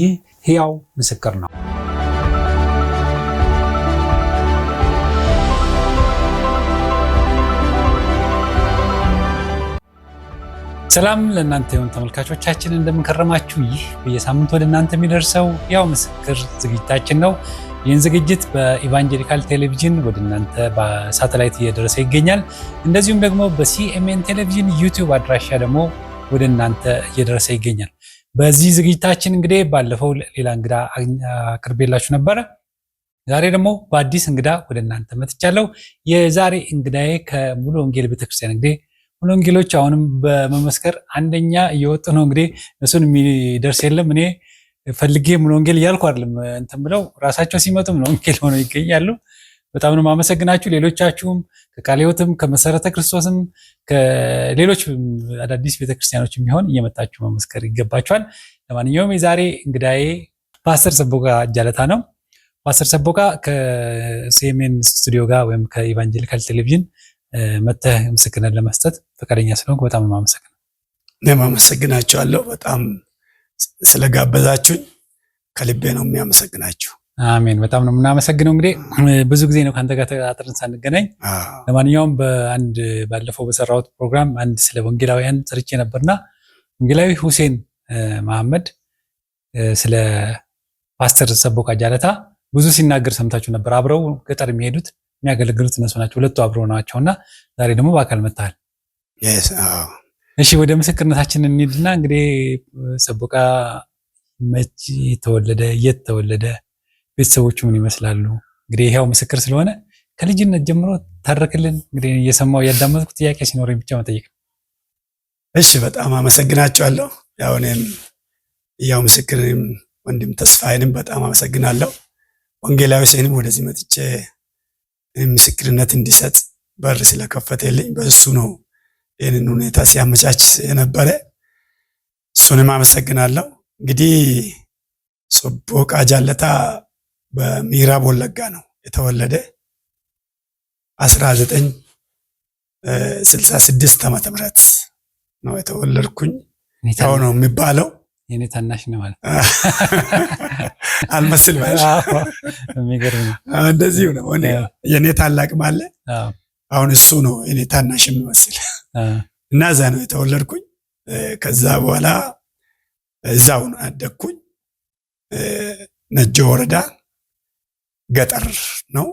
ይህ ሕያው ምስክር ነው። ሰላም ለእናንተ ይሁን ተመልካቾቻችን፣ እንደምንከረማችሁ። ይህ በየሳምንቱ ወደ እናንተ የሚደርሰው ሕያው ምስክር ዝግጅታችን ነው። ይህን ዝግጅት በኢቫንጀሊካል ቴሌቪዥን ወደ እናንተ በሳተላይት እየደረሰ ይገኛል። እንደዚሁም ደግሞ በሲኤምኤን ቴሌቪዥን ዩቲዩብ አድራሻ ደግሞ ወደ እናንተ እየደረሰ ይገኛል። በዚህ ዝግጅታችን እንግዲህ ባለፈው ሌላ እንግዳ አቅርቤላችሁ ነበረ። ዛሬ ደግሞ በአዲስ እንግዳ ወደ እናንተ መጥቻለሁ። የዛሬ እንግዳዬ ከሙሉ ወንጌል ቤተክርስቲያን እንግዲህ ሙሉ ወንጌሎች አሁንም በመመስከር አንደኛ እየወጡ ነው። እንግዲህ እሱን የሚደርስ የለም። እኔ ፈልጌ ሙሉ ወንጌል እያልኩ አይደለም እንትን ብለው ራሳቸው ሲመጡ ሙሉ ወንጌል ሆነው ይገኛሉ። በጣም ነው የማመሰግናችሁ። ሌሎቻችሁም ከቃልዮትም ከመሰረተ ክርስቶስም ከሌሎች አዳዲስ ቤተክርስቲያኖች የሚሆን እየመጣችሁ መመስከር ይገባችኋል። ለማንኛውም የዛሬ እንግዳዬ ፓስተር ሰቦቃ እጃለታ ነው። ፓስተር ሰቦቃ ከሲኤምኤን ስቱዲዮ ጋር ወይም ከኢቫንጀሊካል ቴሌቪዥን መተህ ምስክርነት ለመስጠት ፈቃደኛ ስለሆንኩ በጣም ነው የማመሰግነው። እኔም አመሰግናችኋለሁ በጣም ስለጋበዛችሁኝ ከልቤ ነው የሚያመሰግናችሁ። አሜን። በጣም ነው የምናመሰግነው። እንግዲህ ብዙ ጊዜ ነው ከአንተ ጋር ተቀጣጥረን ሳንገናኝ። ለማንኛውም በአንድ ባለፈው በሰራሁት ፕሮግራም አንድ ስለ ወንጌላውያን ሰርቼ ነበርና ወንጌላዊ ሁሴን መሐመድ ስለ ፓስተር ሰቦቃ ጃለታ ብዙ ሲናገር ሰምታችሁ ነበር። አብረው ገጠር የሚሄዱት የሚያገለግሉት እነሱ ናቸው፣ ሁለቱ አብረው ናቸው እና ዛሬ ደግሞ በአካል መጥተሃል። እሺ ወደ ምስክርነታችን እንሂድና እንግዲህ ሰቦቃ መቼ ተወለደ? የት ተወለደ? ቤተሰቦቹ ምን ይመስላሉ? እንግዲህ ይሄው ምስክር ስለሆነ ከልጅነት ጀምሮ ታረክልን። እንግዲህ እየሰማው እያዳመጥኩ ጥያቄ ሲኖረኝ ብቻ መጠየቅ ነው። እሺ፣ በጣም አመሰግናቸዋለሁ። ያው እኔም እያው ምስክርም ወንድም ተስፋዬንም በጣም አመሰግናለሁ። ወንጌላዊ ሴንም ወደዚህ መጥቼ ምስክርነት እንዲሰጥ በር ስለከፈተልኝ በእሱ ነው ይህንን ሁኔታ ሲያመቻች የነበረ እሱንም አመሰግናለሁ። እንግዲህ ሶቦ ቃጃለታ በምዕራብ ወለጋ ነው የተወለደ 1966 ዓመተ ምህረት ነው የተወለድኩኝ። ያው ነው የሚባለው። የኔ ታናሽ ነው ማለት አልመስል እንደዚሁ ነው። የኔ ታላቅ ማለ አሁን እሱ ነው የኔ ታናሽ የሚመስል እና እዛ ነው የተወለድኩኝ። ከዛ በኋላ እዛውን ነው ነጆ ወረዳ ገጠር ነው።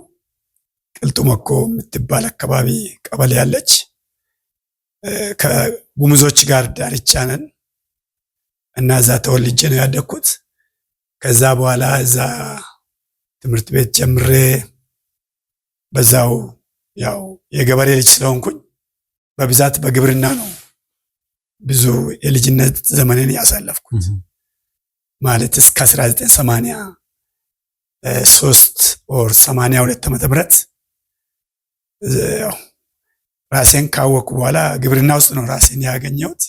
ቅልጡ መኮ የምትባል አካባቢ ቀበሌ ያለች ከጉሙዞች ጋር ዳርቻ ነን እና እዛ ተወልጄ ነው ያደግኩት። ከዛ በኋላ እዛ ትምህርት ቤት ጀምሬ በዛው ያው የገበሬ ልጅ ስለሆንኩኝ በብዛት በግብርና ነው ብዙ የልጅነት ዘመንን ያሳለፍኩት ማለት እስከ 1980 ሶስት ወር ሰማንያ ሁለት ዓመተ ምህረት ራሴን ካወቅኩ በኋላ ግብርና ውስጥ ነው ራሴን ያገኘሁት።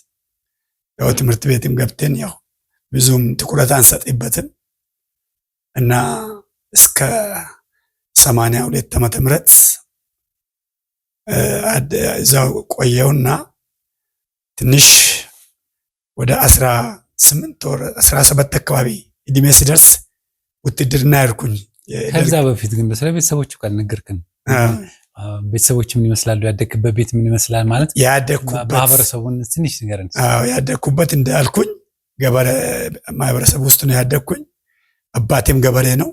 ያው ትምህርት ቤትም ገብተን ያው ብዙም ትኩረት አንሰጥበትም እና እስከ ሰማንያ ሁለት ዓመተ ምህረት እዛው ቆየውና ትንሽ ወደ አስራ ስምንት ወር አስራ ሰባት አካባቢ እድሜ ሲደርስ ውትድርና ያልኩኝ። ከዛ በፊት ግን ስለ ቤተሰቦች አልነገርክን። ቤተሰቦች ምን ይመስላሉ? ያደግክበት ቤት ምን ይመስላል? ማለት ማህበረሰቡን ትንሽ ንገረን። ያደግኩበት እንዳልኩኝ ገበሬ ማህበረሰብ ውስጥ ነው ያደግኩኝ። አባቴም ገበሬ ነው።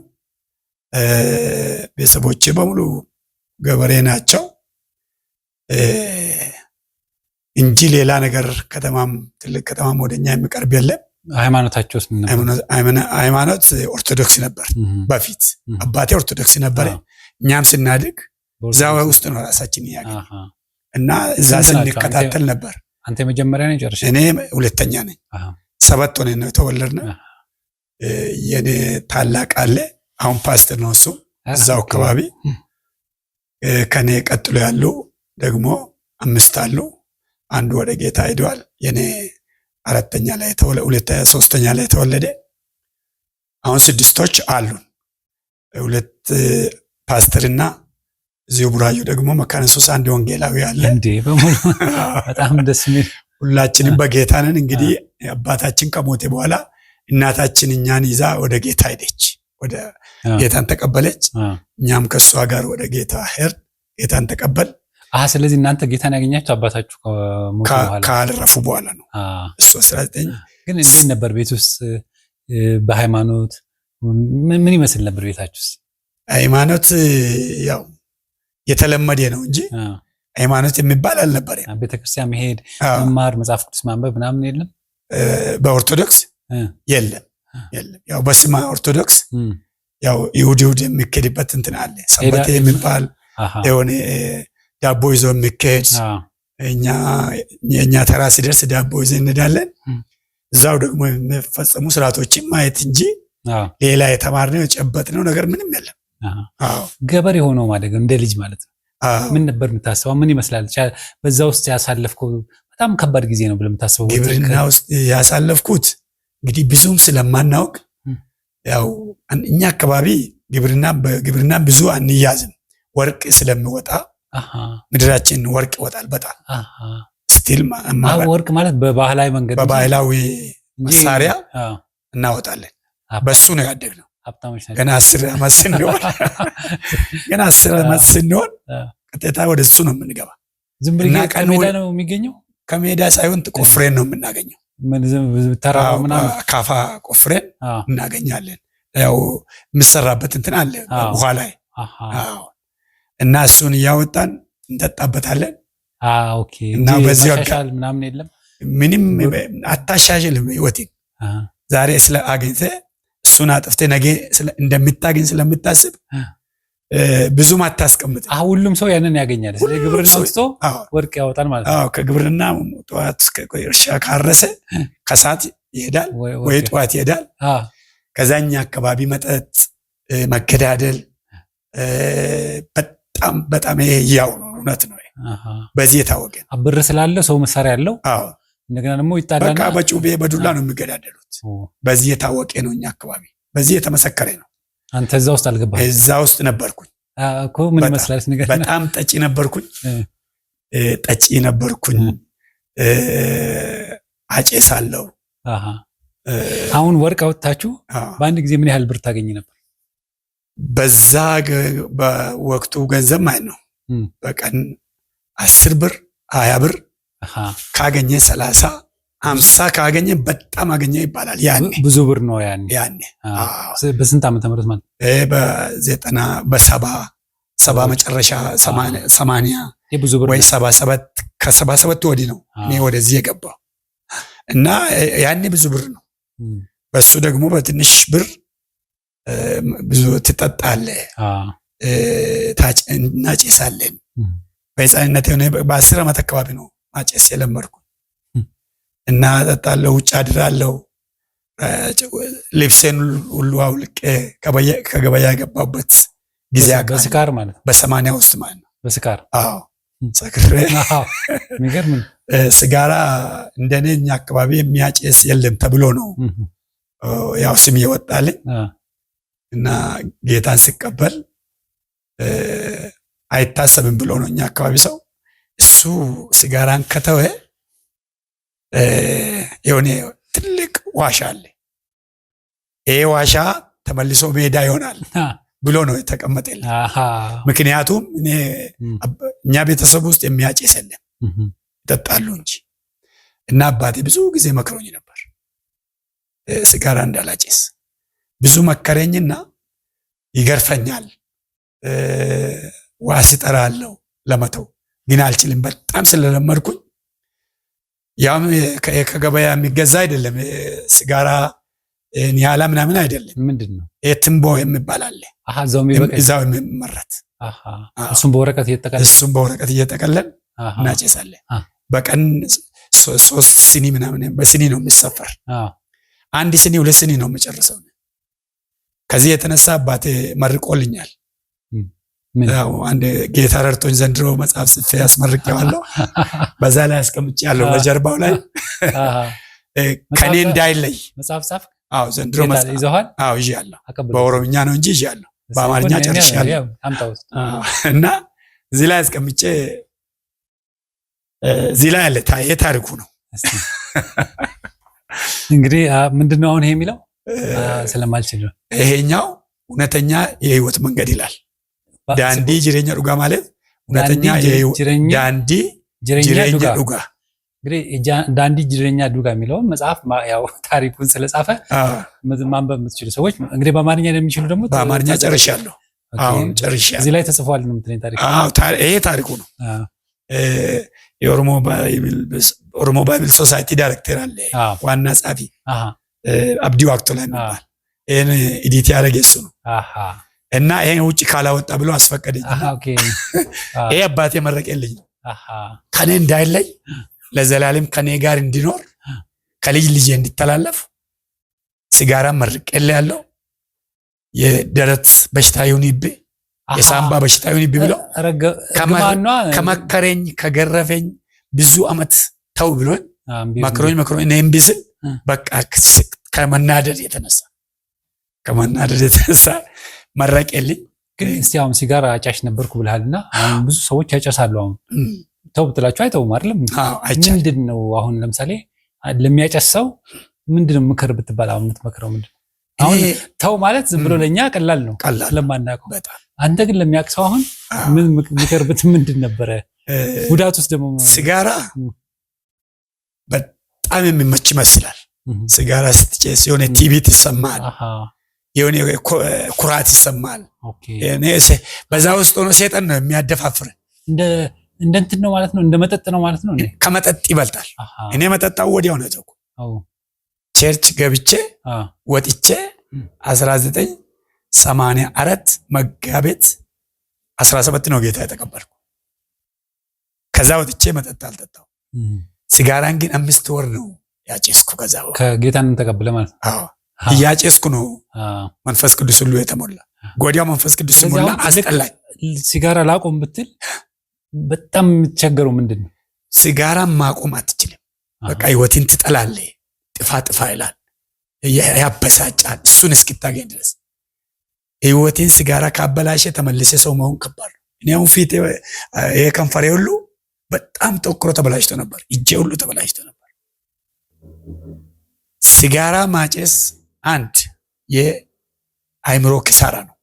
ቤተሰቦቼ በሙሉ ገበሬ ናቸው እንጂ ሌላ ነገር ከተማም ትልቅ ከተማም ወደኛ የሚቀርብ የለም። ሃይማኖታቸውስ ሃይማኖት ኦርቶዶክስ ነበር። በፊት አባቴ ኦርቶዶክስ ነበር። እኛም ስናድግ እዛ ውስጥ ነው ራሳችን እያገ እና እዛ ስንከታተል ነበር። አንተ የመጀመሪያ ነው እኔ ሁለተኛ ነኝ። ሰባት ሆነ ነው የተወለድነው። የእኔ ታላቅ አለ አሁን ፓስተር ነው እሱ እዛው አካባቢ። ከኔ ቀጥሎ ያሉ ደግሞ አምስት አሉ። አንዱ ወደ ጌታ ሄደዋል። የኔ አራተኛ ላይ ተወለ ሁለት ሶስተኛ ላይ ተወለደ። አሁን ስድስቶች አሉን። ሁለት ፓስተርና እዚሁ ቡራዩ ደግሞ መካነ ኢየሱስ አንድ ወንጌላዊ አለ። እንዴ በሙሉ በጣም ደስ የሚል ሁላችንም በጌታ ነን። እንግዲህ አባታችን ከሞተ በኋላ እናታችን እኛን ይዛ ወደ ጌታ ሄደች፣ ወደ ጌታን ተቀበለች። እኛም ከእሷ ጋር ወደ ጌታ ሄድ ጌታን ተቀበል አ ስለዚህ እናንተ ጌታን ያገኛችሁ አባታችሁ ካረፉ በኋላ ነው። እሱ አስራ ዘጠኝ ግን እንዴት ነበር ቤት ውስጥ በሃይማኖት ምን ይመስል ነበር ቤታችሁ ውስጥ? ሃይማኖት ያው የተለመደ ነው እንጂ ሃይማኖት የሚባል አልነበር። ቤተክርስቲያን መሄድ፣ መማር፣ መጽሐፍ ቅዱስ ማንበብ ምናምን የለም። በኦርቶዶክስ የለም የለም። ያው በስማ ኦርቶዶክስ ያው ይሁድ ይሁድ የሚኬድበት እንትን አለ ሰንበት የሚባል የሆነ ዳቦ ይዞ የሚካሄድ እኛ የእኛ ተራ ሲደርስ ዳቦ ይዘ እንዳለን እዛው ደግሞ የሚፈጸሙ ስርዓቶችን ማየት እንጂ ሌላ የተማርነው የጨበጥነው ነገር ምንም የለም። ገበሬ ሆኖ ማደግ እንደ ልጅ ማለት ነው። ምን ነበር የምታስበው? ምን ይመስላል? በዛ ውስጥ ያሳለፍከው በጣም ከባድ ጊዜ ነው ብለህ የምታስበው? ግብርና ውስጥ ያሳለፍኩት እንግዲህ ብዙም ስለማናውቅ ያው እኛ አካባቢ ግብርና በግብርና ብዙ አንያዝም፣ ወርቅ ስለሚወጣ ምድራችን ወርቅ ይወጣል በጣም ስቲል ወርቅ ማለት በባህላዊ መንገድ በባህላዊ መሳሪያ እናወጣለን። በሱ ነው ያደግነው። ገና አስር ዓመት ስንሆን ገና አስር ዓመት ስንሆን ቀጥታ ወደ እሱ ነው የምንገባ። ዝም ብለህ ከሜዳ ነው የሚገኘው። ከሜዳ ሳይሆን ቆፍሬን ነው የምናገኘው። ካፋ ቆፍሬን እናገኛለን። ያው የምሰራበት እንትን አለ ውሃ ላይ እና እሱን እያወጣን እንጠጣበታለን እና በዚህ ምናምን የለም ምንም አታሻሽልም ህይወቴን ዛሬ ስለ አግኝተ እሱን አጥፍተ ነገ እንደምታገኝ ስለምታስብ ብዙም አታስቀምጥ። ሁሉም ሰው ያንን ያገኛል። ግብርና ወርቅ ያወጣል ማለት ነው። ከግብርና ጠዋት እርሻ ካረሰ ከሰዓት ይሄዳል ወይ ጠዋት ይሄዳል። ከዛኛ አካባቢ መጠጥ፣ መገዳደል በጣም በጣም ይሄ ያው ነው፣ እውነት ነው። በዚህ የታወቀ ብር ስላለ ሰው መሳሪያ ያለው እንደገና ደግሞ ይጣላል። በቃ በጩቤ በዱላ ነው የሚገዳደሉት። በዚህ የታወቀ ነው፣ እኛ አካባቢ በዚህ የተመሰከረ ነው። አንተ እዛ ውስጥ አልገባህም? እዛ ውስጥ ነበርኩኝ። ምን ይመስላል ነገር በጣም ጠጪ ነበርኩኝ፣ ጠጪ ነበርኩኝ፣ አጨሳለሁ። አሁን ወርቅ አወጥታችሁ በአንድ ጊዜ ምን ያህል ብር ታገኝ ነበር? በዛ በወቅቱ ገንዘብ ማለት ነው። በቀን አስር ብር ሀያ ብር ካገኘ ሰላሳ አምሳ ካገኘ በጣም አገኘ ይባላል። ያኔ ብዙ ብር ነው ያኔ ያኔ በስንት ዓመተ ምህረት ማለት በዘጠና በሰባ ሰባ መጨረሻ ሰማንያ ወይ ሰባ ሰባት ከሰባ ሰባት ወዲህ ነው እኔ ወደዚህ የገባው እና ያኔ ብዙ ብር ነው። በሱ ደግሞ በትንሽ ብር ብዙ ትጠጣለህ፣ እናጭሳለን። በህፃንነት የሆነ በአስር ዓመት አካባቢ ነው ማጨስ የለመድኩ እና ጠጣለሁ፣ ውጭ አድራለሁ። ልብሴን ሁሉ አውልቄ ከገበያ የገባበት ጊዜ በስካር ማለት በሰማንያ ውስጥ ማለት ነው። በስካር አዎ፣ ስጋራ እንደኔ እኛ አካባቢ የሚያጨስ የለም ተብሎ ነው ያው ስም ይወጣልኝ። እና ጌታን ሲቀበል አይታሰብም ብሎ ነው እኛ አካባቢ ሰው። እሱ ሲጋራን ከተወ የሆነ ትልቅ ዋሻ አለ፣ ይሄ ዋሻ ተመልሶ ሜዳ ይሆናል ብሎ ነው የተቀመጠልን። ምክንያቱም እኛ ቤተሰብ ውስጥ የሚያጭስ የለም ይጠጣሉ እንጂ እና አባቴ ብዙ ጊዜ መክሮኝ ነበር ስጋራ እንዳላጭስ ብዙ መከረኝና ይገርፈኛል። ዋስ እጠራለሁ ለመተው ግን አልችልም። በጣም ስለለመድኩኝ ያም ከገበያ የሚገዛ አይደለም። ስጋራ ኒያላ ምናምን አይደለም። ምንድን ነው ትምቦ የሚባል አለ። እዛው የሚመረት እሱም በወረቀት እየጠቀለን እናጨሳለን። በቀን ሶስት ሲኒ ምናምን በሲኒ ነው የሚሰፈር። አንድ ሲኒ ሁለት ሲኒ ነው የሚጨርሰው ከዚህ የተነሳ አባቴ መርቆልኛል። ያው አንድ ጌታ ረድቶኝ ዘንድሮ መጽሐፍ ጽፌ አስመርቄዋለሁ። በዛ ላይ አስቀምጬ ያለው በጀርባው ላይ ከኔ እንዳይለይ ጻፍ። ዘንድሮ መጽሐፍ ይዘሃል? በኦሮምኛ ነው እንጂ ይዣለሁ። በአማርኛ ጨርሻለሁ። እና እዚህ ላይ አስቀምጬ እዚህ ላይ ያለ ታሪኩ ነው። እንግዲህ ምንድነው አሁን ይሄ የሚለው ስለማልችል ነው። ይሄኛው እውነተኛ የህይወት መንገድ ይላል። ዳንዲ ጅሬኛ ዱጋ ማለት እውነተኛ ዳንዲ ጅሬኛ ዱጋ እንግዲህ ዳንዲ ጅሬኛ ዱጋ የሚለውን መጽሐፍ ያው ታሪኩን ስለጻፈ ማንበብ የምትችሉ ሰዎች እንግዲህ በአማርኛ የሚችሉ ደግሞ በአማርኛ ጨርሻለሁ። አሁን ጨርሻለሁ። እዚህ ላይ ተጽፏል ነው የምትለኝ ታሪኩ? ይሄ ታሪኩ ነው። የኦሮሞ ባይብል ሶሳይቲ ዳይሬክተር አለ ዋና ጻፊ አብዲ ዋቅቱ ላይ የሚባል ይህን ኢዲት ያደረገ እሱ ነው እና ይሄን ውጭ ካላወጣ ብሎ አስፈቀደኝ። ይሄ አባቴ የመረቀኝ ከኔ እንዳይለይ ለዘላለም ከኔ ጋር እንዲኖር ከልጅ ልጅ እንዲተላለፍ ሲጋራ መርቀል ያለው የደረት በሽታ ይሁንብህ የሳምባ በሽታ ይሁንብህ ብሎ ከመከረኝ ከገረፈኝ ብዙ አመት ተው ብሎኝ መክሮኝ መክሮኝ እኔም ብስል በቃ ከመናደድ የተነሳ ከመናደድ የተነሳ የለኝ ግን አሁን ሲጋራ አጫሽ ነበርኩ እና ብዙ ሰዎች ያጨሳሉ። አሁን ተው ብትላቸው አይተውም አይደለም። ምንድን ነው አሁን ለምሳሌ ለሚያጨስ ሰው ምንድን ነው ምክር ብትባል አሁን የምትመክረው ምንድን አሁን ተው ማለት ዝም ብሎ ለእኛ ቀላል ነው ስለማናውቀው። አንተ ግን ለሚያውቅ ሰው አሁን ምን ምክር ብት ምንድን ነበረ? ጉዳት ውስጥ ደግሞ ሲጋራ በጣም የሚመች ይመስላል። ሲጋራ ስትጨስ የሆነ ቲቢት ይሰማል፣ የሆነ ኩራት ይሰማል። በዛ ውስጥ ሆኖ ሴጠን ነው የሚያደፋፍር። እንደ እንትን ነው ማለት ነው፣ እንደ መጠጥ ነው ማለት ነው። ከመጠጥ ይበልጣል። እኔ መጠጣው ወዲያው ነው ተኩ ቸርች ገብቼ ወጥቼ አስራ ዘጠኝ ሰማንያ አራት መጋቤት አስራ ሰባት ነው ጌታ የተቀበልኩ። ከዛ ወጥቼ መጠጥ አልጠጣው ሲጋራን ግን አምስት ወር ነው ያጨስኩ። ከዛ ከጌታን ተቀብለ ማለት አዎ፣ እያጨስኩ ነው። መንፈስ ቅዱስ ሁሉ የተሞላ ጎዲያ መንፈስ ቅዱስ ሞላ አስጠላኝ። ሲጋራ ላቆም ብትል በጣም የምትቸገረው ምንድን ነው? ሲጋራን ማቆም አትችልም። በቃ ህይወትን ትጠላለ። ጥፋ ጥፋ ይላል፣ ያበሳጫል። እሱን እስክታገኝ ድረስ ህይወትን ሲጋራ ካበላሸ ተመልሰ ሰው መሆን ከባድ ነው። እኔ አሁን ፊት የከንፈሬ ሁሉ በጣም ጠቁሮ ተበላሽቶ ነበር። እጄ ሁሉ ተበላሽቶ ነበር። ሲጋራ ማጨስ አንድ የአይምሮ ኪሳራ ነው።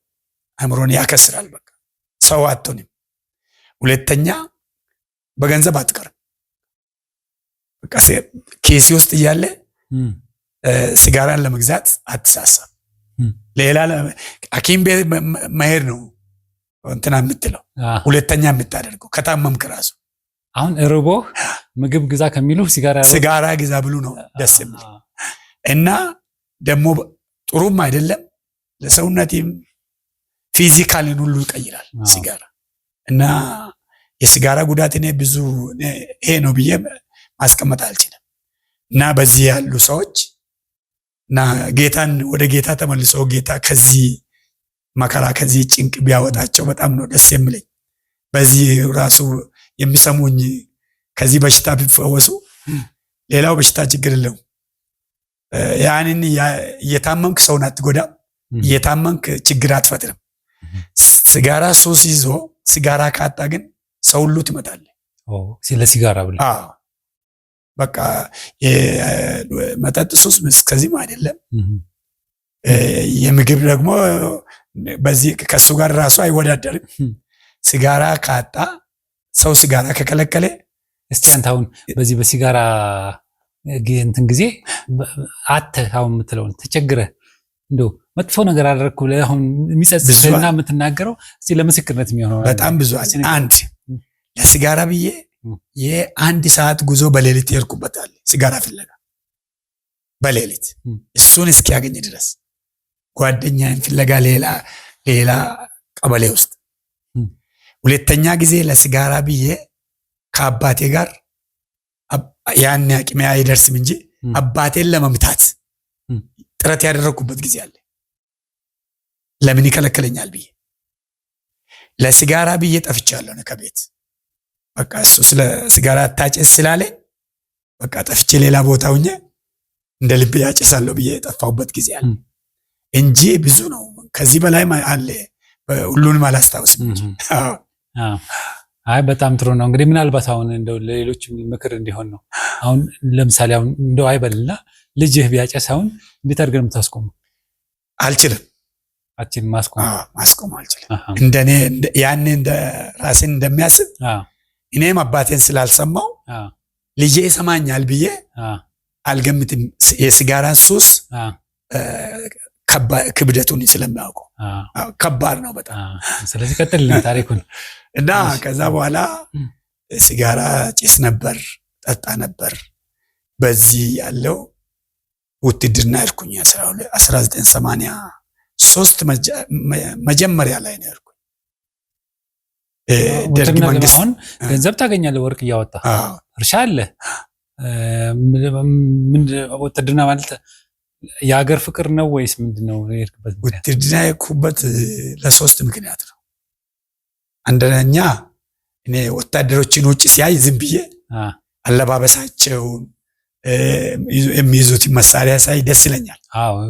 አይምሮን ያከስራል። በቃ ሰው አትሆንም። ሁለተኛ በገንዘብ አትቀርም። በቃ ኬሲ ውስጥ እያለ ሲጋራን ለመግዛት አትሳሳብ። ሌላ ሐኪም ቤት መሄድ ነው እንትና የምትለው ሁለተኛ የምታደርገው ከታመምክ ራሱ አሁን ርቦህ ምግብ ግዛ ከሚሉ ሲጋራ ግዛ ብሉ ነው ደስ የሚል እና ደግሞ ጥሩም አይደለም ለሰውነትም ፊዚካልን ሁሉ ይቀይራል ሲጋራ እና የሲጋራ ጉዳት እኔ ብዙ ይሄ ነው ብዬ ማስቀመጥ አልችልም። እና በዚህ ያሉ ሰዎች እና ጌታን ወደ ጌታ ተመልሶ ጌታ ከዚህ መከራ ከዚህ ጭንቅ ቢያወጣቸው በጣም ነው ደስ የሚለኝ። በዚህ ራሱ የሚሰሙኝ ከዚህ በሽታ ቢፈወሱ ሌላው በሽታ ችግር የለውም። ያንን እየታመምክ ሰውን አትጎዳም፣ እየታመምክ ችግር አትፈጥርም። ስጋራ ሱስ ይዞ ስጋራ ካጣ ግን ሰው ሁሉ ትመጣለ። ስለ ሲጋራ በቃ መጠጥ ሱስ እስከዚህም አይደለም። የምግብ ደግሞ በዚህ ከሱ ጋር ራሱ አይወዳደርም። ስጋራ ካጣ ሰው ሲጋራ ከከለከለ እስቲ አንተ አሁን በዚህ በሲጋራ እንትን ጊዜ አተ አሁን የምትለውን ተቸግረ እንደው መጥፎ ነገር አደረግኩ ብለህ አሁን የሚጸጽትህና የምትናገረው እስቲ ለምስክርነት የሚሆነው በጣም ብዙ አንድ ለሲጋራ ብዬ የአንድ ሰዓት ጉዞ በሌሊት ይርኩበታል ሲጋራ ፍለጋ በሌሊት እሱን እስኪያገኝ ድረስ ጓደኛን ፍለጋ ሌላ ሌላ ቀበሌ ውስጥ ሁለተኛ ጊዜ ለሲጋራ ብዬ ከአባቴ ጋር ያን አቅሜ አይደርስም እንጂ አባቴን ለመምታት ጥረት ያደረግኩበት ጊዜ አለ። ለምን ይከለክለኛል ብዬ ለሲጋራ ብዬ ጠፍቻለሁ ከቤት በቃ እሱ ስለ ሲጋራ አታጭስ ስላለ በቃ ጠፍቼ ሌላ ቦታ ሁኜ እንደ ልብ ያጨሳለሁ ብዬ የጠፋሁበት ጊዜ አለ እንጂ ብዙ ነው። ከዚህ በላይ አለ። ሁሉንም አላስታውስም። አይ በጣም ጥሩ ነው። እንግዲህ ምናልባት አሁን እንደው ለሌሎች ምክር እንዲሆን ነው። አሁን ለምሳሌ አሁን እንደው አይበልና ልጅህ ቢያጨስ አሁን እንዴት አድርገን የምታስቆሙ? አልችልም አችን ማስቆም ማስቆም አልችልም። እንደኔ ያኔ እንደ ራሴን እንደሚያስብ እኔም አባቴን ስላልሰማው ልጄ ይሰማኛል ብዬ አልገምትም። የሲጋራን ሱስ ክብደቱን ስለሚያውቁ ከባድ ነው በጣም። ስለዚህ ቀጥል ታሪኩን እና ከዛ በኋላ ሲጋራ ጭስ ነበር፣ ጠጣ ነበር። በዚህ ያለው ውትድርና ያልኩኝ አስራ ሶስት መጀመሪያ ላይ ነው ሄድኩኝ። ደርግ መንግስት ገንዘብ ታገኛለህ፣ ወርቅ እያወጣ እርሻ አለ። ውትድርና ማለት የሀገር ፍቅር ነው ወይስ ምንድን ነው? ውትድርና የሄድኩበት ለሶስት ምክንያት ነው። አንደኛ እኔ ወታደሮችን ውጭ ሲያይ ዝም ብዬ አለባበሳቸውን የሚይዙት መሳሪያ ሳይ ደስ ይለኛል።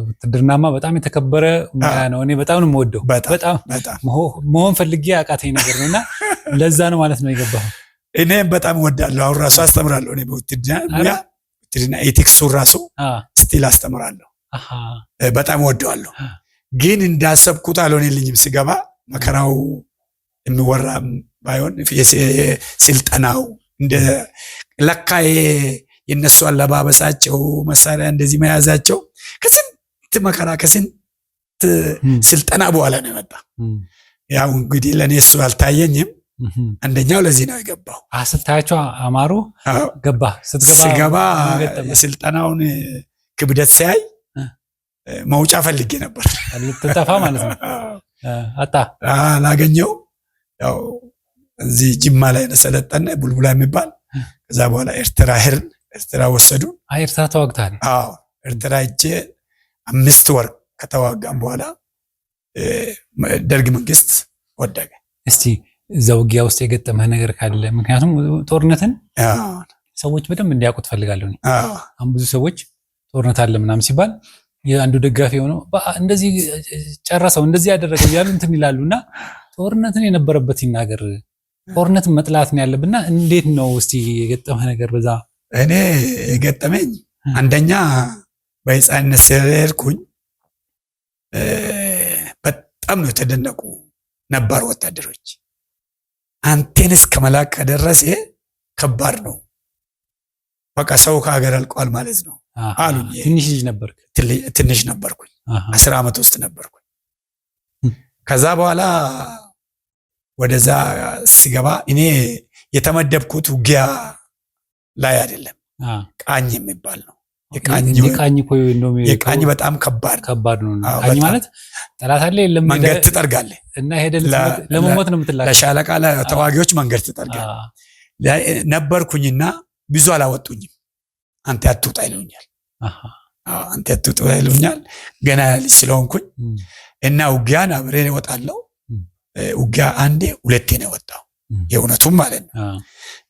ውትድርናማ በጣም የተከበረ ሙያ ነው። እኔ በጣም ነው የምወደው። በጣም መሆን ፈልጌ አቃተኝ ነገር ነው እና ለዛ ነው ማለት ነው የገባው። እኔም በጣም እወዳለሁ። አሁን ራሱ አስተምራለሁ። እኔ በውትድርና ውትድርና ኤቲክሱን ራሱ ስቲል አስተምራለሁ። በጣም እወደዋለሁ። ግን እንዳሰብኩት አልሆነልኝም። ስገባ መከራው የሚወራ ባይሆን ስልጠናው እንደ ለካ የነሱ አለባበሳቸው መሳሪያ እንደዚህ መያዛቸው ከስንት መከራ ከስንት ስልጠና በኋላ ነው የመጣ። ያው እንግዲህ ለእኔ እሱ አልታየኝም። አንደኛው ለዚህ ነው የገባው። ስታያቸው አማሩ ገባ። ስትገባ የስልጠናውን ክብደት ሲያይ መውጫ ፈልጌ ነበር። ልትጠፋ ማለት ነው። አጣ አላገኘው ያው እዚህ ጅማ ላይ ሰለጠና ቡልቡላ የሚባል ከዛ በኋላ ኤርትራ ሄርን ኤርትራ ወሰዱ። ኤርትራ ተዋግታል። አዎ ኤርትራ እጄ አምስት ወር ከተዋጋም በኋላ ደርግ መንግስት ወደቀ። እስቲ እዛ ውጊያ ውስጥ የገጠመ ነገር ካለ ምክንያቱም ጦርነትን ሰዎች በደንብ እንዲያውቁ ትፈልጋለሁ። አሁን ብዙ ሰዎች ጦርነት አለ ምናም ሲባል የአንዱ ደጋፊ የሆነው እንደዚህ ጨረሰው እንደዚህ ያደረገ እያሉ እንትን ይላሉ እና ጦርነትን የነበረበት ይናገር። ጦርነት መጥላት ነው ያለብና፣ እንዴት ነው እስቲ የገጠመ ነገር በዛ። እኔ የገጠመኝ አንደኛ በህፃንነት ስለሄድኩኝ በጣም ነው የተደነቁ ነባር ወታደሮች። አንቴን እስከ መላክ ከደረሰ ከባድ ነው፣ በቃ ሰው ከሀገር አልቋል ማለት ነው አሉ። ትንሽ ልጅ ነበርክ? ትንሽ ነበርኩኝ፣ አስር ዓመት ውስጥ ነበርኩኝ። ከዛ በኋላ ወደዛ ሲገባ እኔ የተመደብኩት ውጊያ ላይ አይደለም፣ ቃኝ የሚባል ነው። የቃኝ በጣም ከባድ ከባድ ነው። ቃኝ ማለት ጠላት አለ የለም መንገድ ትጠርጋለህ እና ሄደ ለመሞት ነው የምትላቸው። ለሻለቃ ተዋጊዎች መንገድ ትጠርጋለህ ነበርኩኝና ብዙ አላወጡኝም። አንተ አትውጣ ይሉኛል፣ አንተ አትውጣ ይሉኛል። ገና ልጅ ስለሆንኩኝ እና ውጊያን አብሬ እወጣለሁ ውጊያ አንዴ ሁለቴ ነው የወጣው የእውነቱም ማለት ነው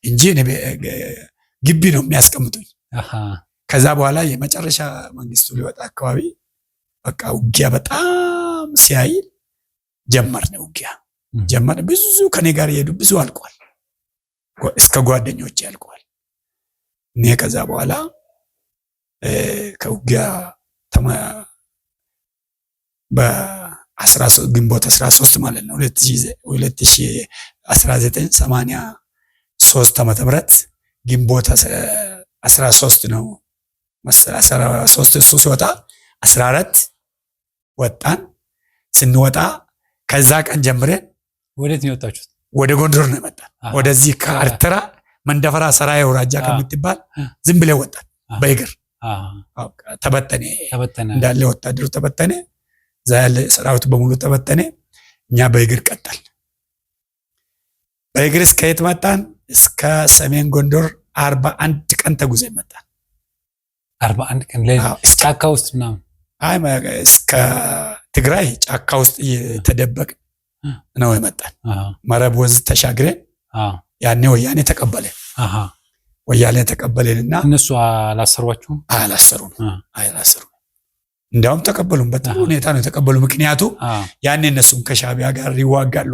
እንጂ ግቢ ነው የሚያስቀምጡኝ። ከዛ በኋላ የመጨረሻ መንግስቱ ሊወጣ አካባቢ በቃ ውጊያ በጣም ሲያይል ነው ውጊያ ጀመር። ብዙ ከኔ ጋር የሄዱ ብዙ አልቋል፣ እስከ ጓደኞች ያልቋል። እኔ ከዛ በኋላ ከውጊያ ግንቦት 13 ማለት ነው 1983 ዓመተ ምህረት ግንቦት 13 ነው መሰል እሱ ሲወጣ 14 ወጣን። ስንወጣ ከዛ ቀን ጀምረን ወዴት ነው የወጣችሁት? ወደ ጎንደር ነው የመጣን። ወደዚህ ከኤርትራ መንደፈራ ሰራዬ አውራጃ ከምትባል ዝም ብለን ወጣን በእግር ተበተነ። እንዳለ ወታደሩ ተበተነ። እዛ ያለ ሰራዊቱ በሙሉ ተበተነ። እኛ በእግር ቀጠል። በእግር እስከ የት መጣን? እስከ ሰሜን ጎንደር አርባ አንድ ቀን ተጉዘን መጣን። አርባ አንድ ቀን ጫካ ውስጥ ምናምን እስከ ትግራይ ጫካ ውስጥ እየተደበቅ ነው የመጣን። መረብ ወንዝ ተሻግረን ያኔ ወያኔ ተቀበለ ወያኔ ተቀበለንና እነሱ አላሰሯችሁም? አላሰሩም፣ አላሰሩም። እንዲያውም ተቀበሉም። በጥሩ ሁኔታ ነው የተቀበሉ። ምክንያቱ ያኔ እነሱም ከሻቢያ ጋር ይዋጋሉ።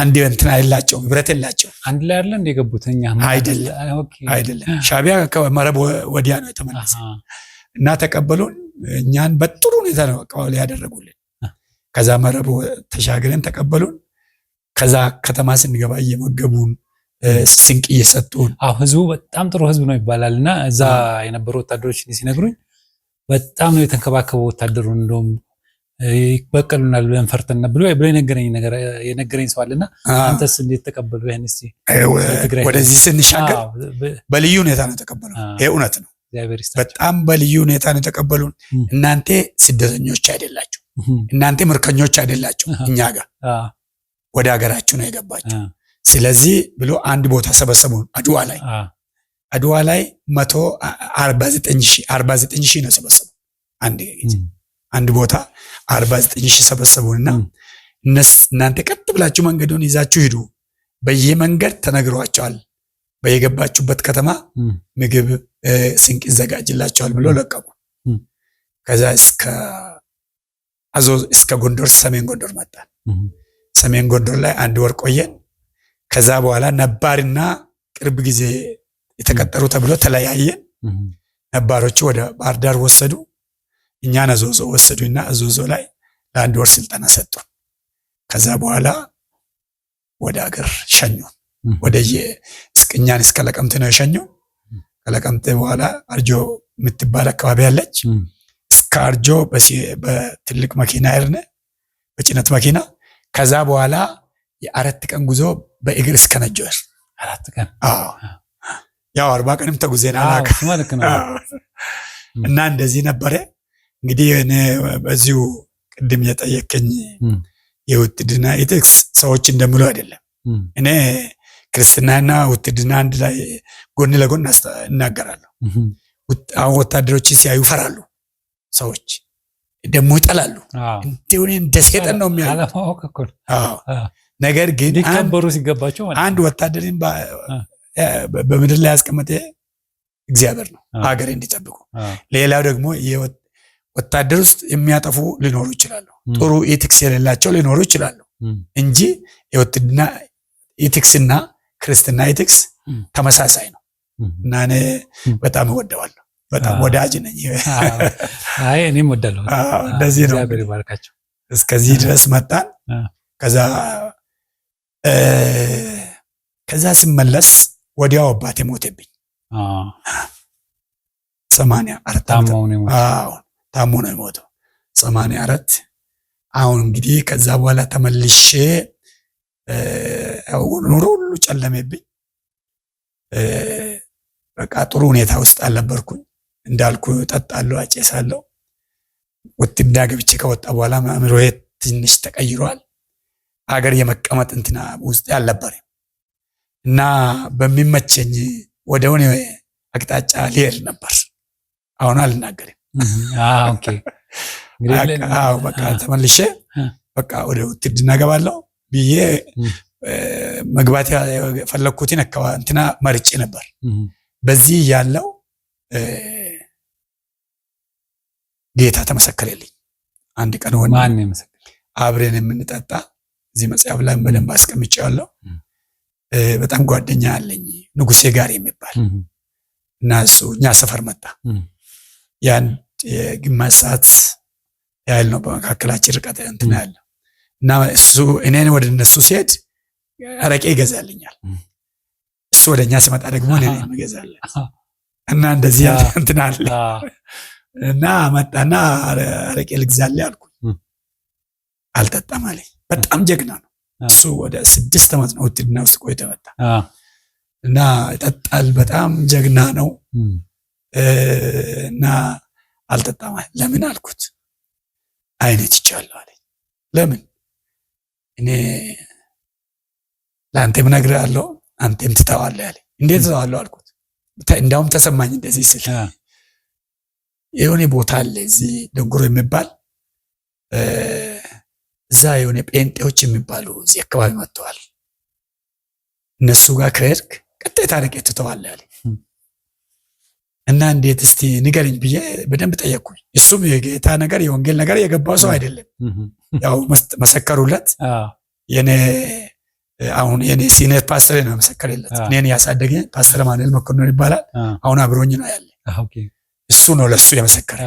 አንድ እንትን የላቸው ህብረት የላቸው አንድ ላይ አለ እንደ አይደለም። ሻቢያ ከመረብ ወዲያ ነው የተመለሰ እና ተቀበሉን። እኛን በጥሩ ሁኔታ ነው አቀባበል ያደረጉልን። ከዛ መረብ ተሻግረን ተቀበሉን። ከዛ ከተማ ስንገባ እየመገቡን ስንቅ እየሰጡን። ህዝቡ በጣም ጥሩ ህዝብ ነው ይባላል እና እዛ የነበሩ ወታደሮች ሲነግሩኝ በጣም ነው የተንከባከበው ወታደሩ። እንደውም ይበቀሉናል ብለን ፈርተና ብሎ የነገረኝ ሰው አለና አንተስ እንዴት ተቀበሉ? ይህን ወደዚህ ስንሻገር በልዩ ሁኔታ ነው የተቀበሉ። ይህ እውነት ነው። በጣም በልዩ ሁኔታ ነው የተቀበሉን። እናንተ ስደተኞች አይደላችሁ፣ እናንተ ምርከኞች አይደላችሁ፣ እኛ ጋር ወደ ሀገራችሁ ነው የገባችሁ። ስለዚህ ብሎ አንድ ቦታ ሰበሰቡን አድዋ ላይ አድዋ ላይ መቶ አርባ ዘጠኝ ሺህ ነው ሰበሰቡ። አንድ አንድ ቦታ አርባ ዘጠኝ ሺህ ሰበሰቡንና እነስ እናንተ ቀጥ ብላችሁ መንገዱን ይዛችሁ ሂዱ፣ በየመንገድ ተነግሯቸዋል፣ በየገባችሁበት ከተማ ምግብ ስንቅ ይዘጋጅላቸዋል ብሎ ለቀቁ። ከዛ እስከ አዞ እስከ ጎንደር ሰሜን ጎንደር መጣ ሰሜን ጎንደር ላይ አንድ ወር ቆየን። ከዛ በኋላ ነባርና ቅርብ ጊዜ የተቀጠሩ ተብሎ ተለያየ። ነባሮቹ ወደ ባህር ዳር ወሰዱ፣ እኛን እዞዞ ወሰዱና እዞዞ ላይ ለአንድ ወር ስልጠና ሰጡ። ከዛ በኋላ ወደ አገር ሸኙ። ወደ እኛን እስከ ለቀምት ነው የሸኙ። ከለቀምት በኋላ አርጆ የምትባል አካባቢ አለች። እስከ አርጆ በትልቅ መኪና ሄድን፣ በጭነት መኪና። ከዛ በኋላ የአራት ቀን ጉዞ በእግር እስከ ነጆ አራት ቀን ያው አርባ ቀንም ተጉዜና እና እንደዚህ ነበረ። እንግዲህ በዚሁ ቅድም የጠየቀኝ የውትድና የጥቅስ ሰዎች እንደምሉ አይደለም። እኔ ክርስትናና ውትድና አንድ ላይ ጎን ለጎን እናገራለሁ። አሁን ወታደሮች ሲያዩ ይፈራሉ። ሰዎች ደግሞ ይጠላሉ። እንደሆነ እንደ ሴጠን ነው የሚያ ነገር ግን አንድ ወታደር በምድር ላይ ያስቀመጠ እግዚአብሔር ነው፣ ሀገር እንዲጠብቁ። ሌላው ደግሞ ወታደር ውስጥ የሚያጠፉ ሊኖሩ ይችላሉ፣ ጥሩ ኢቲክስ የሌላቸው ሊኖሩ ይችላሉ እንጂ የወትድና ኢቲክስና ክርስትና ኢቲክስ ተመሳሳይ ነው እና እኔ በጣም እወደዋለሁ። በጣም ወዳጅ ነኝ። አይ እኔም ወዳለሁ። እንደዚህ ነው። እስከዚህ ድረስ መጣን። ከዛ ከዛ ስመለስ ወዲያው አባቴ ሞተብኝ። ሰማንያ አራት ታሞ ነው የሞተው። ሰማንያ አራት አሁን እንግዲህ ከዛ በኋላ ተመልሼ ኑሮ ሁሉ ጨለሜብኝ። በቃ ጥሩ ሁኔታ ውስጥ አልነበርኩኝ። እንዳልኩ ጠጣለሁ፣ አጨሳለሁ። ውትድርና ገብቼ ከወጣ በኋላ አእምሮዬ ትንሽ ተቀይሯል። ሀገር የመቀመጥ እንትና ውስጥ አልነበረ እና በሚመቸኝ ወደ ሆነ አቅጣጫ ሊሄድ ነበር። አሁን አልናገርም። በቃ ተመልሼ በቃ ወደ ውትድርና ገባለሁ ብዬ መግባት የፈለግኩትን አካባቢ እንትና መርጬ ነበር። በዚህ ያለው ጌታ ተመሰከረልኝ። አንድ ቀን ሆነ አብረን የምንጠጣ እዚህ መጽሐፍ ላይ በደንብ አስቀምጬዋለሁ። በጣም ጓደኛ አለኝ ንጉሴ ጋር የሚባል እና እሱ እኛ ሰፈር መጣ። የአንድ የግማሽ ሰዓት ያህል ነው በመካከላችን ርቀት እንትን ያለ እና እሱ እኔን ወደ እነሱ ሲሄድ አረቄ ይገዛልኛል፣ እሱ ወደ እኛ ስመጣ ደግሞ እኔ ይገዛለን እና እንደዚህ እንትን አለ እና መጣና አረቄ ልግዛልህ አልኩኝ። አልጠጣም አለኝ። በጣም ጀግና ነው። እሱ ወደ ስድስት ዓመት ነው ውትድርና ውስጥ ቆይቶ መጣ እና ይጠጣል። በጣም ጀግና ነው እና አልጠጣም። ለምን አልኩት። አይነት ይቻለሁ አለኝ። ለምን እኔ ለአንተም እነግርሃለሁ አንተም ትተዋለህ አለኝ። እንዴት እተዋለሁ አልኩት። እንዳውም ተሰማኝ እንደዚህ ስል የሆነ ቦታ አለ እዚህ ደንጉሮ የሚባል እዛ የሆነ ጴንጤዎች የሚባሉ እዚህ አካባቢ መጥተዋል። እነሱ ጋር ከሄድክ ቀጣይ ታሪክ የትተዋል ያለ እና እንዴት እስቲ ንገርኝ ብዬ በደንብ ጠየቅኩኝ። እሱም የጌታ ነገር የወንጌል ነገር የገባው ሰው አይደለም። ያው መሰከሩለት። የኔ አሁን የኔ ሲኒየር ፓስተር ነው መሰከርለት። እኔን ያሳደገ ፓስተር ማንል መኮንን ይባላል። አሁን አብሮኝ ነው ያለ። እሱ ነው ለሱ የመሰከረ።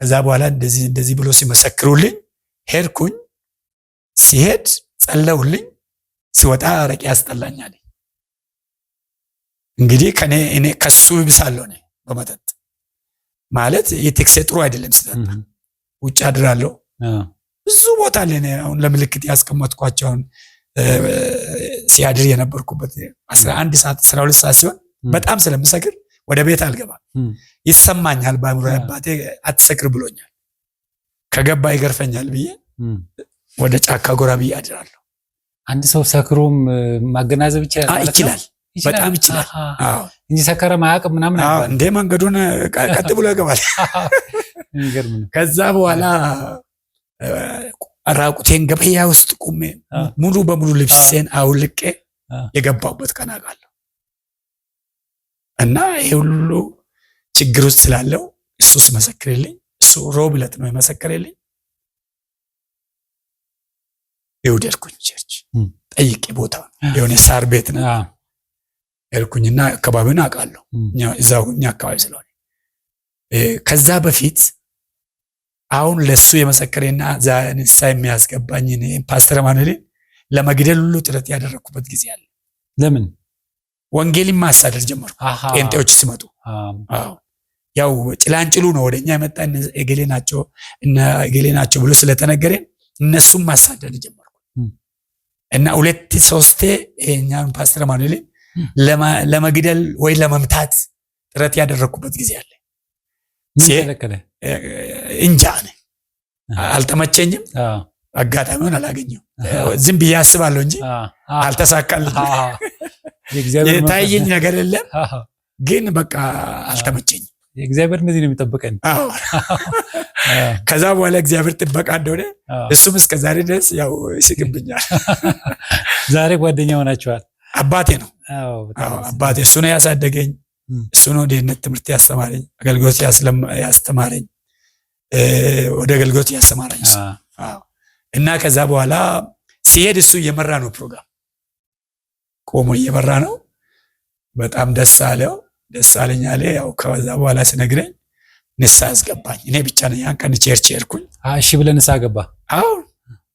ከዛ በኋላ እንደዚህ ብሎ ሲመሰክሩልኝ ሄድኩኝ። ሲሄድ ጸለውልኝ፣ ሲወጣ አረቄ ያስጠላኛል። እንግዲህ ከኔ እኔ ከሱ ይብሳለሁ። እኔ በመጠጥ ማለት የቴክሴ ጥሩ አይደለም። ስጠጣ ውጭ አድራለሁ። ብዙ ቦታ አለ። እኔ አሁን ለምልክት ያስቀመጥኳቸውን ሲያድር የነበርኩበት አስራ አንድ ሰዓት አስራ ሁለት ሰዓት ሲሆን በጣም ስለምሰክር ወደ ቤት አልገባም። ይሰማኛል በአእምሮ አባቴ አትሰክር ብሎኛል። ከገባ ይገርፈኛል ብዬ ወደ ጫካ ጎራ ብዬ አድራለሁ። አንድ ሰው ሰክሮም ማገናዘብ ይችላል ይችላል በጣም ይችላል እንጂ ሰከረም ማያቅ ምናምን እንደ መንገዱን ቀጥ ብሎ ይገባል። ከዛ በኋላ ራቁቴን ገበያ ውስጥ ቁሜ ሙሉ በሙሉ ልብሴን አውልቄ የገባሁበት ቀን አውቃለሁ። እና ይህ ሁሉ ችግር ውስጥ ስላለው እሱስ መሰክርልኝ እሱ ሮብ ዕለት ነው የመሰከረልኝ። ይሁድ ሄድኩኝ ቸርች ጠይቄ ቦታ የሆነ ሳር ቤት ነው ሄድኩኝና አካባቢውን አውቃለሁ እዛ እኛ አካባቢ ስለሆነ ከዛ በፊት አሁን ለሱ የመሰከሬና ዛንሳ የሚያስገባኝ ፓስተር ማኑኤልን ለመግደል ሁሉ ጥረት ያደረግኩበት ጊዜ አለ። ለምን ወንጌልን ማሳደር ጀመርኩ ጴንጤዎች ሲመጡ ያው ጭላንጭሉ ነው ወደኛ የመጣ እገሌ ናቸው እነ እገሌ ናቸው ብሎ ስለተነገረ እነሱም ማሳደድ ጀመርኩ እና ሁለት ሶስቴ እኛን ፓስተር ማኑኤል ለመግደል ወይ ለመምታት ጥረት ያደረግኩበት ጊዜ አለ። እንጃ አልተመቸኝም። አጋጣሚውን አላገኘው። ዝም ብዬ አስባለሁ እንጂ አልተሳካልኝ። የታየኝ ነገር የለም፣ ግን በቃ አልተመቸኝም። እግዚአብሔር እንደዚህ ነው የሚጠብቀን። ከዛ በኋላ እግዚአብሔር ጥበቃ እንደሆነ እሱም እስከ ዛሬ ድረስ ያው ይስቅብኛል። ዛሬ ጓደኛ ሆናችኋል። አባቴ ነው አባቴ። እሱ ነው ያሳደገኝ። እሱ ነው ደህንነት ትምህርት ያስተማረኝ፣ አገልግሎት ያስተማረኝ፣ ወደ አገልግሎት ያስተማረኝ እና ከዛ በኋላ ሲሄድ እሱ እየመራ ነው ፕሮግራም ቆሞ እየመራ ነው። በጣም ደስ አለው። ደስ አለኝ አለ። ያው ከዛ በኋላ ሲነግረኝ ንሳ አስገባኝ። እኔ ብቻ ነኝ ያን ቀን ቼርቼ ሄድኩኝ። እሺ ብለህ ንሳ ገባ? አዎ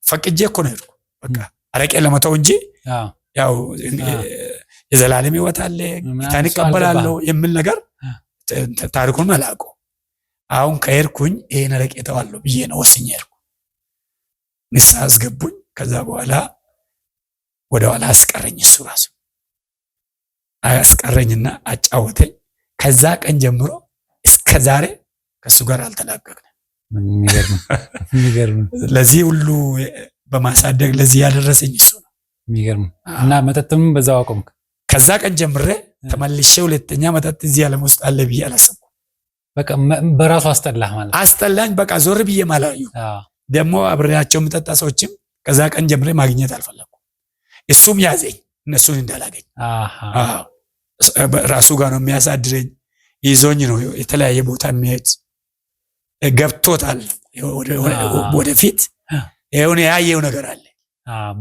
ፈቅጄ እኮ ነው ሄድኩ። በቃ አረቄ ለመተው እንጂ ያው የዘላለም ሕይወት አለ ጌታን እቀበላለሁ የሚል ነገር ታሪኩን መላቁ። አሁን ከሄድኩኝ ይሄን አረቄ እተዋለሁ ብዬ ነው ወስኜ ሄድኩ። ንሳ አስገቡኝ። ከዛ በኋላ ወደኋላ አስቀረኝ እሱ ራሱ አስቀረኝና አጫወተኝ። ከዛ ቀን ጀምሮ እስከ ዛሬ ከእሱ ጋር አልተላቀቅንም። ለዚህ ሁሉ በማሳደግ ለዚህ ያደረሰኝ እሱ ነው። እና መጠጥም በዛው አቆምክ? ከዛ ቀን ጀምሬ ተመልሼ ሁለተኛ መጠጥ እዚህ ዓለም ውስጥ አለ ብዬ አላሰብኩም። በቃ በራሱ አስጠላህ ማለት አስጠላኝ። በቃ ዞር ብዬ ማላዩ ደግሞ አብሬያቸው የምጠጣ ሰዎችም ከዛ ቀን ጀምሬ ማግኘት አልፈለኩም። እሱም ያዘኝ እነሱን እንዳላገኝ ራሱ ጋር ነው የሚያሳድረኝ። ይዞኝ ነው የተለያየ ቦታ የሚሄድ ገብቶታል። ወደፊት ይሁን ያየው ነገር አለ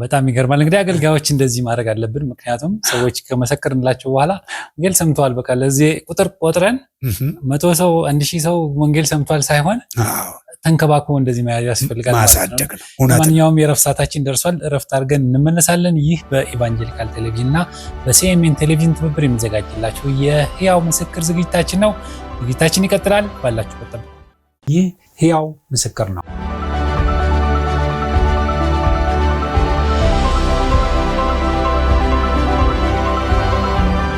በጣም ይገርማል። እንግዲህ አገልጋዮች እንደዚህ ማድረግ አለብን። ምክንያቱም ሰዎች ከመሰከርንላቸው በኋላ ወንጌል ሰምተዋል፣ በቃ ለዚህ ቁጥር ቆጥረን መቶ ሰው አንድ ሺህ ሰው ወንጌል ሰምቷል ሳይሆን ተንከባክቦ እንደዚህ መያዝ ያስፈልጋል። ማሳደግ ነው። ማንኛውም የእረፍት ሰዓታችን ደርሷል። እረፍት አድርገን እንመለሳለን። ይህ በኢቫንጀሊካል ቴሌቪዥን እና በሲኤምኤን ቴሌቪዥን ትብብር የሚዘጋጅላችሁ የህያው ምስክር ዝግጅታችን ነው። ዝግጅታችን ይቀጥላል። ቁጥር ይህ ህያው ምስክር ነው።